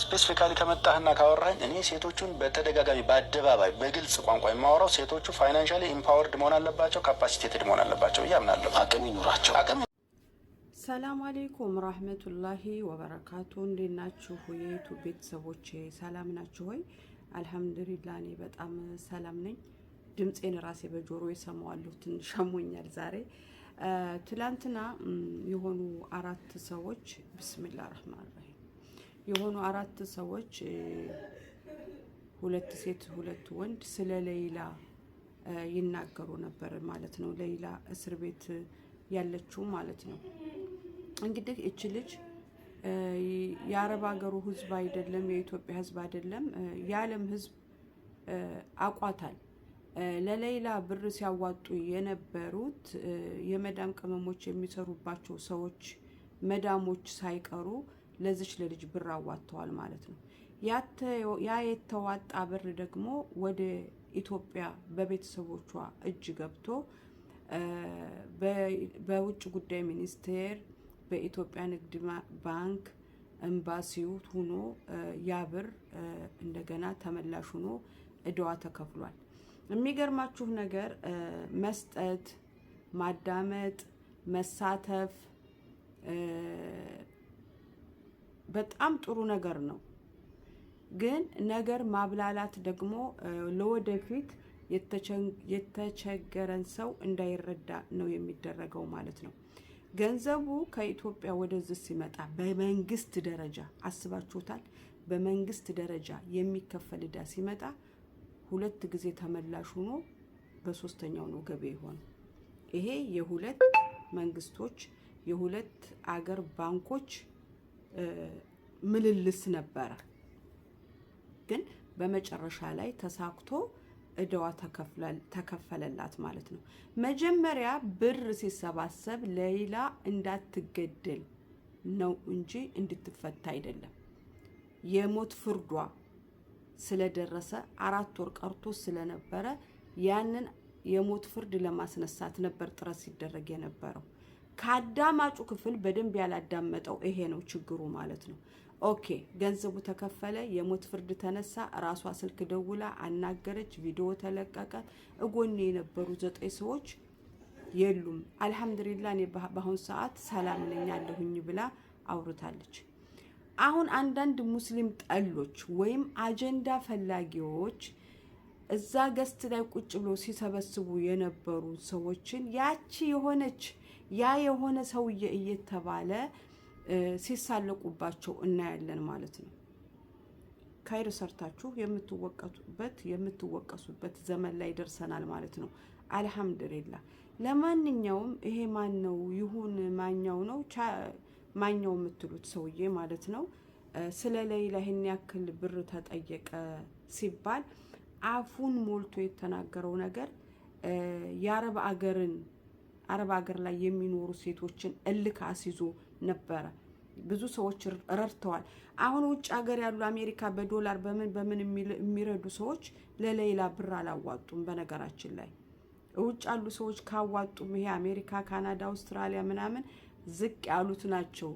ስፔሲፊካሊ ከመጣህና ካወራኝ እኔ ሴቶቹን በተደጋጋሚ በአደባባይ በግልጽ ቋንቋ የማወራው ሴቶቹ ፋይናንሻሊ ኢምፓወርድ መሆን አለባቸው፣ ካፓሲቴትድ መሆን አለባቸው ብዬ አቅም ይኑራቸው። አቅም ሰላም አሌይኩም ራህመቱላሂ ወበረካቱ። እንዴት ናችሁ የቱ ቤተሰቦች? ሰላም ናችሁ ሆይ? አልሐምዱሊላ እኔ በጣም ሰላም ነኝ። ድምፄን ራሴ በጆሮ የሰማዋለሁ። ትንሽ አሞኛል ዛሬ። ትላንትና የሆኑ አራት ሰዎች ብስሚላ ረህማን የሆኑ አራት ሰዎች ሁለት ሴት ሁለት ወንድ ስለ ሌይላ ይናገሩ ነበር ማለት ነው። ሌይላ እስር ቤት ያለችው ማለት ነው። እንግዲህ እች ልጅ የአረብ ሀገሩ ህዝብ አይደለም የኢትዮጵያ ህዝብ አይደለም የዓለም ህዝብ አቋታል። ለሌይላ ብር ሲያዋጡ የነበሩት የመዳም ቅመሞች የሚሰሩባቸው ሰዎች መዳሞች ሳይቀሩ ለዚች ለልጅ ብር አዋጥተዋል ማለት ነው። ያ የተዋጣ ብር ደግሞ ወደ ኢትዮጵያ በቤተሰቦቿ እጅ ገብቶ በውጭ ጉዳይ ሚኒስቴር፣ በኢትዮጵያ ንግድ ባንክ ኤምባሲው ሁኖ ያ ብር እንደገና ተመላሽ ሁኖ እዳዋ ተከፍሏል። የሚገርማችሁ ነገር መስጠት፣ ማዳመጥ፣ መሳተፍ በጣም ጥሩ ነገር ነው። ግን ነገር ማብላላት ደግሞ ለወደፊት የተቸገረን ሰው እንዳይረዳ ነው የሚደረገው ማለት ነው። ገንዘቡ ከኢትዮጵያ ወደዚህ ሲመጣ በመንግስት ደረጃ አስባችሁታል? በመንግስት ደረጃ የሚከፈል ዕዳ ሲመጣ ሁለት ጊዜ ተመላሽ ሆኖ በሶስተኛው ነው ገቢ የሆነ። ይሄ የሁለት መንግስቶች የሁለት አገር ባንኮች ምልልስ ነበረ። ግን በመጨረሻ ላይ ተሳክቶ እደዋ ተከፈለላት ማለት ነው። መጀመሪያ ብር ሲሰባሰብ ሌላ እንዳትገደል ነው እንጂ እንድትፈታ አይደለም። የሞት ፍርዷ ስለደረሰ አራት ወር ቀርቶ ስለነበረ ያንን የሞት ፍርድ ለማስነሳት ነበር ጥረት ሲደረግ የነበረው። ከአዳማጩ ክፍል በደንብ ያላዳመጠው ይሄ ነው ችግሩ ማለት ነው። ኦኬ ገንዘቡ ተከፈለ፣ የሞት ፍርድ ተነሳ። ራሷ ስልክ ደውላ አናገረች፣ ቪዲዮ ተለቀቀ። እጎኔ የነበሩ ዘጠኝ ሰዎች የሉም። አልሐምዱሊላ እኔ በአሁኑ ሰዓት ሰላም ነኝ አለሁኝ ብላ አውርታለች። አሁን አንዳንድ ሙስሊም ጠሎች ወይም አጀንዳ ፈላጊዎች እዛ ገስት ላይ ቁጭ ብሎ ሲሰበስቡ የነበሩ ሰዎችን ያቺ የሆነች ያ የሆነ ሰውዬ እየተባለ ሲሳለቁባቸው እናያለን ማለት ነው። ካይር ሰርታችሁ የምትወቀሱበት የምትወቀሱበት ዘመን ላይ ደርሰናል ማለት ነው። አልሐምድሌላ ለማንኛውም ይሄ ማን ነው ይሁን ማኛው ነው ማኛው የምትሉት ሰውዬ ማለት ነው። ስለ ሌይላ ይህን ያክል ብር ተጠየቀ ሲባል አፉን ሞልቶ የተናገረው ነገር የአረብ አገርን አረብ አገር ላይ የሚኖሩ ሴቶችን እልክ አስይዞ ነበረ። ብዙ ሰዎች ረድተዋል። አሁን ውጭ ሀገር ያሉ አሜሪካ በዶላር በምን በምን የሚረዱ ሰዎች ለሌላ ብር አላዋጡም። በነገራችን ላይ ውጭ ያሉ ሰዎች ካዋጡም ይሄ አሜሪካ፣ ካናዳ፣ አውስትራሊያ ምናምን ዝቅ ያሉት ናቸው።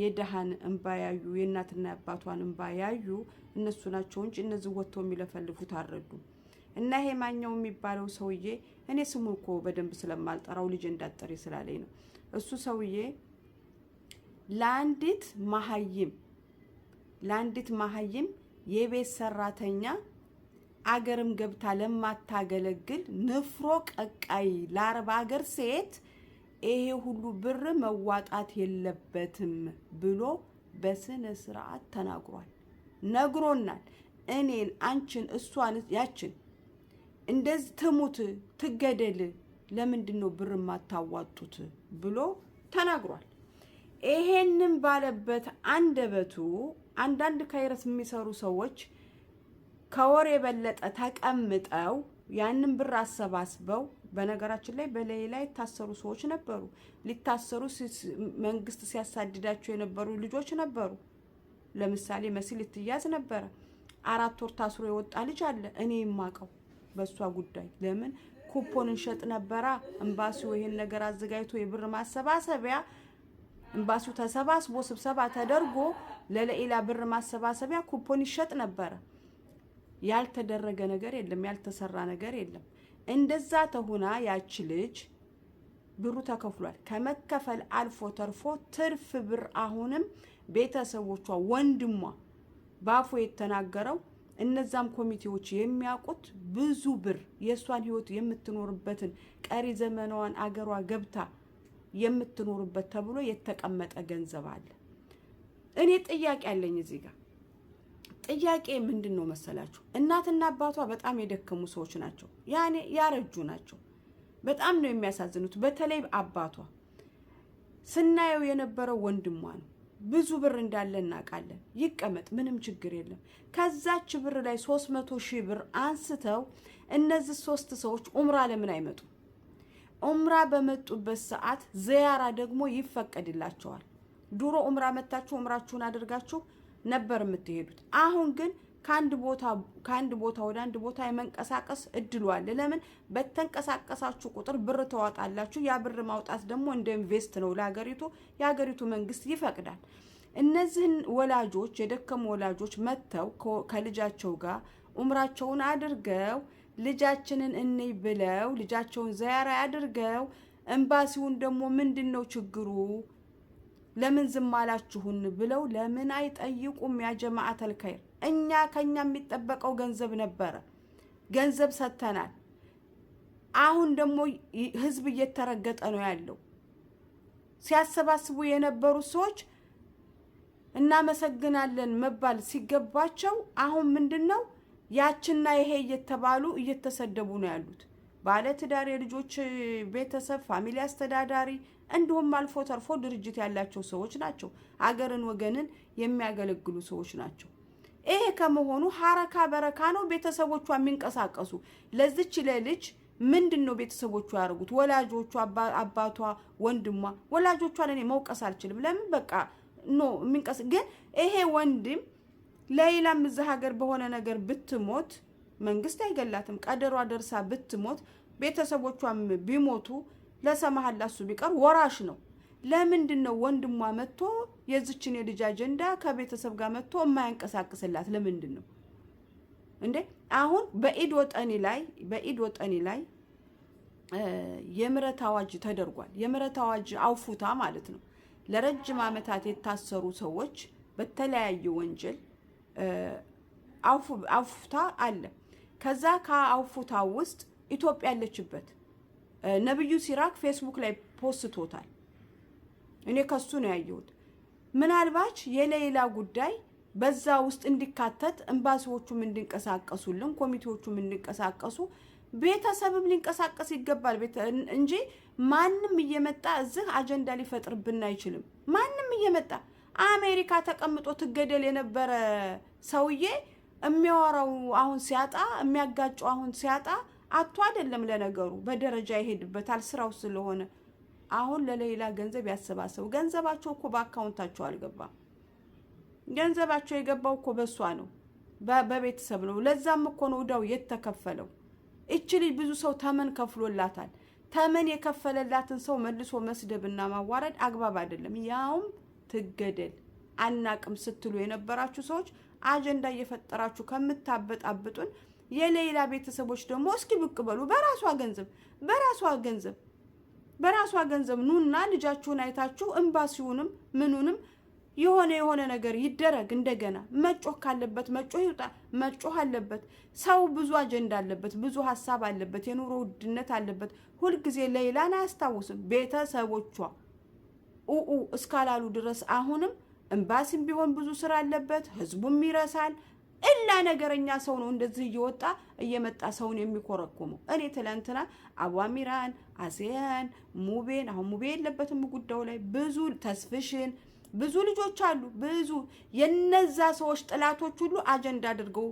የድሃን እንባ ያዩ የእናትና የአባቷን እንባ ያዩ እነሱ ናቸው እንጂ እነዚህ ወጥተው የሚለፈልፉት አረዱ እና ይሄ ማኛው የሚባለው ሰውዬ እኔ ስሙ እኮ በደንብ ስለማልጠራው ልጅ እንዳጠሬ ስላለኝ ነው። እሱ ሰውዬ ለአንዲት መሀይም ለአንዲት መሀይም የቤት ሰራተኛ አገርም ገብታ ለማታገለግል ንፍሮ ቀቃይ ለአረብ አገር ሴት ይሄ ሁሉ ብር መዋጣት የለበትም ብሎ በስነ ስርዓት ተናግሯል፣ ነግሮናል። እኔን፣ አንቺን፣ እሷን፣ ያችን እንደዚህ ትሙት ትገደል፣ ለምንድን ነው ብር የማታዋጡት ብሎ ተናግሯል። ይሄንን ባለበት አንደበቱ አንዳንድ ካይረስ የሚሰሩ ሰዎች ከወር የበለጠ ተቀምጠው ያንን ብር አሰባስበው በነገራችን ላይ በሌላ የታሰሩ ሰዎች ነበሩ። ሊታሰሩ መንግስት ሲያሳድዳቸው የነበሩ ልጆች ነበሩ። ለምሳሌ መሲ ልትያዝ ነበረ። አራት ወር ታስሮ የወጣ ልጅ አለ እኔ የማቀው በእሷ ጉዳይ ለምን ኩፖን እንሸጥ ነበራ። ኤምባሲው ይሄን ነገር አዘጋጅቶ የብር ማሰባሰቢያ ኤምባሲው ተሰባስቦ ስብሰባ ተደርጎ ለሌላ ብር ማሰባሰቢያ ኩፖን ይሸጥ ነበረ። ያልተደረገ ነገር የለም፣ ያልተሰራ ነገር የለም። እንደዛ ተሆና ያቺ ልጅ ብሩ ተከፍሏል። ከመከፈል አልፎ ተርፎ ትርፍ ብር አሁንም ቤተሰቦቿ ወንድሟ ባፎ የተናገረው እነዛም ኮሚቴዎች የሚያውቁት ብዙ ብር የእሷን ህይወት የምትኖርበትን ቀሪ ዘመናዋን አገሯ ገብታ የምትኖርበት ተብሎ የተቀመጠ ገንዘብ አለ። እኔ ጥያቄ አለኝ እዚህ ጋር ጥያቄ ምንድን ነው መሰላችሁ? እናትና አባቷ በጣም የደከሙ ሰዎች ናቸው። ያኔ ያረጁ ናቸው። በጣም ነው የሚያሳዝኑት። በተለይ አባቷ ስናየው የነበረው ወንድሟ ነው። ብዙ ብር እንዳለ እናውቃለን። ይቀመጥ፣ ምንም ችግር የለም። ከዛች ብር ላይ ሶስት መቶ ሺህ ብር አንስተው እነዚህ ሶስት ሰዎች ኡምራ ለምን አይመጡም? ኡምራ በመጡበት ሰዓት ዘያራ ደግሞ ይፈቀድላቸዋል። ድሮ ኡምራ መታችሁ ኡምራችሁን አድርጋችሁ ነበር የምትሄዱት። አሁን ግን ከአንድ ቦታ ከአንድ ቦታ ወደ አንድ ቦታ የመንቀሳቀስ እድሉ አለ። ለምን በተንቀሳቀሳችሁ ቁጥር ብር ተዋጣላችሁ። ያ ብር ማውጣት ደግሞ እንደ ኢንቨስት ነው ለሀገሪቱ፣ የሀገሪቱ መንግስት ይፈቅዳል። እነዚህን ወላጆች የደከሙ ወላጆች መጥተው ከልጃቸው ጋር ኡምራቸውን አድርገው ልጃችንን እንይ ብለው ልጃቸውን ዘያራ አድርገው ኤምባሲውን ደግሞ ምንድን ነው ችግሩ ለምን ዝም አላችሁን ብለው ለምን አይጠይቁም? ያ ጀማዓት አልከይር እኛ ከኛ የሚጠበቀው ገንዘብ ነበረ። ገንዘብ ሰጥተናል። አሁን ደግሞ ህዝብ እየተረገጠ ነው ያለው። ሲያሰባስቡ የነበሩ ሰዎች እናመሰግናለን መባል ሲገባቸው አሁን ምንድን ነው ያችና ይሄ እየተባሉ እየተሰደቡ ነው ያሉት። ባለትዳር የልጆች ቤተሰብ ፋሚሊ አስተዳዳሪ እንዲሁም አልፎ ተርፎ ድርጅት ያላቸው ሰዎች ናቸው። አገርን ወገንን የሚያገለግሉ ሰዎች ናቸው። ይሄ ከመሆኑ ሀረካ በረካ ነው። ቤተሰቦቿ የሚንቀሳቀሱ ለዚች ለልጅ ምንድን ነው ቤተሰቦቿ ያደርጉት? ወላጆቿ፣ አባቷ፣ ወንድሟ ወላጆቿን እኔ መውቀስ አልችልም። ለምን በቃ ኖ የሚንቀስ ግን ይሄ ወንድም ለሌላም እዛ ሀገር በሆነ ነገር ብትሞት መንግስት አይገላትም። ቀደሯ ደርሳ ብትሞት ቤተሰቦቿም ቢሞቱ ለሰማህል ላሱ ቢቀር ወራሽ ነው። ለምንድን ነው ወንድሟ መጥቶ የዝችን የልጅ አጀንዳ ከቤተሰብ ጋር መጥቶ የማያንቀሳቅስላት? ለምንድን ነው እንዴ? አሁን በኢድ ወጠኒ ላይ በኢድ ወጠኒ ላይ የምረት አዋጅ ተደርጓል። የምረት አዋጅ አውፉታ ማለት ነው። ለረጅም ዓመታት የታሰሩ ሰዎች በተለያየ ወንጀል አውፉታ አለ። ከዛ ከአውፉታ ውስጥ ኢትዮጵያ ያለችበት ነብዩ ሲራክ ፌስቡክ ላይ ፖስቶታል። እኔ ከሱ ነው ያየሁት። ምናልባች የሌላ ጉዳይ በዛ ውስጥ እንዲካተት ኤምባሲዎቹም እንዲንቀሳቀሱልን፣ ኮሚቴዎቹም እንዲንቀሳቀሱ፣ ቤተሰብም ሊንቀሳቀስ ይገባል እንጂ ማንም እየመጣ እዚህ አጀንዳ ሊፈጥርብን አይችልም። ማንም እየመጣ አሜሪካ ተቀምጦ ትገደል የነበረ ሰውዬ የሚያወራው አሁን ሲያጣ የሚያጋጨው አሁን ሲያጣ አቶ አይደለም። ለነገሩ በደረጃ ይሄድበታል ስራው ስለሆነ አሁን ለሌላ ገንዘብ ያሰባሰቡ። ገንዘባቸው እኮ በአካውንታቸው አልገባም። ገንዘባቸው የገባው እኮ በእሷ ነው፣ በቤተሰብ ነው። ለዛም እኮ ነው እዳው የተከፈለው። እች ልጅ ብዙ ሰው ተመን ከፍሎላታል። ተመን የከፈለላትን ሰው መልሶ መስደብና ማዋረድ አግባብ አይደለም። ያውም ትገደል። አናቅም ስትሉ የነበራችሁ ሰዎች አጀንዳ እየፈጠራችሁ ከምታበጣብጡን የሌላ ቤተሰቦች ደግሞ እስኪ ብቅ በሉ። በራሷ ገንዘብ በራሷ ገንዘብ በራሷ ገንዘብ ኑና ልጃችሁን አይታችሁ እምባሲውንም ምኑንም የሆነ የሆነ ነገር ይደረግ። እንደገና መጮህ ካለበት መጮህ ይውጣ፣ መጮህ አለበት። ሰው ብዙ አጀንዳ አለበት፣ ብዙ ሀሳብ አለበት፣ የኑሮ ውድነት አለበት። ሁልጊዜ ሌላን አያስታውስም። ቤተሰቦቿ ኡኡ እስካላሉ ድረስ አሁንም እምባሲም ቢሆን ብዙ ስራ አለበት፣ ህዝቡም ይረሳል። እላ ነገረኛ ሰው ነው እንደዚህ እየወጣ እየመጣ ሰውን የሚኮረኩመው። እኔ ትላንትና አቧሚራን አሴያን ሙቤን አሁን ሙቤ የለበትም ጉዳዩ ላይ ብዙ ተስፍሽን ብዙ ልጆች አሉ። ብዙ የነዛ ሰዎች ጥላቶች ሁሉ አጀንዳ አድርገው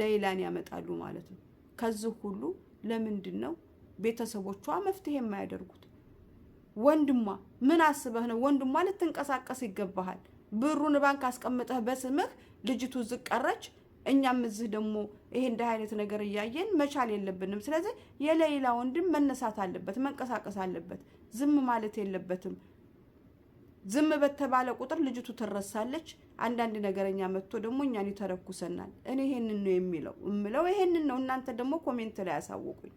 ለይላን ያመጣሉ ማለት ነው። ከዚህ ሁሉ ለምንድን ነው ቤተሰቦቿ መፍትሄ የማያደርጉት? ወንድሟ ምን አስበህ ነው? ወንድሟ ልትንቀሳቀስ ይገባሃል። ብሩን ባንክ አስቀምጠህ በስምህ ልጅቱ ዝቅ ቀረች። እኛም እዚህ ደግሞ ይሄ እንደ አይነት ነገር እያየን መቻል የለብንም። ስለዚህ የሌላ ወንድም መነሳት አለበት፣ መንቀሳቀስ አለበት። ዝም ማለት የለበትም። ዝም በተባለ ቁጥር ልጅቱ ትረሳለች። አንዳንድ ነገረኛ መጥቶ ደግሞ እኛን ይተረኩሰናል። እኔ ይሄንን ነው የሚለው እምለው ይሄንን ነው። እናንተ ደግሞ ኮሜንት ላይ ያሳውቁኝ።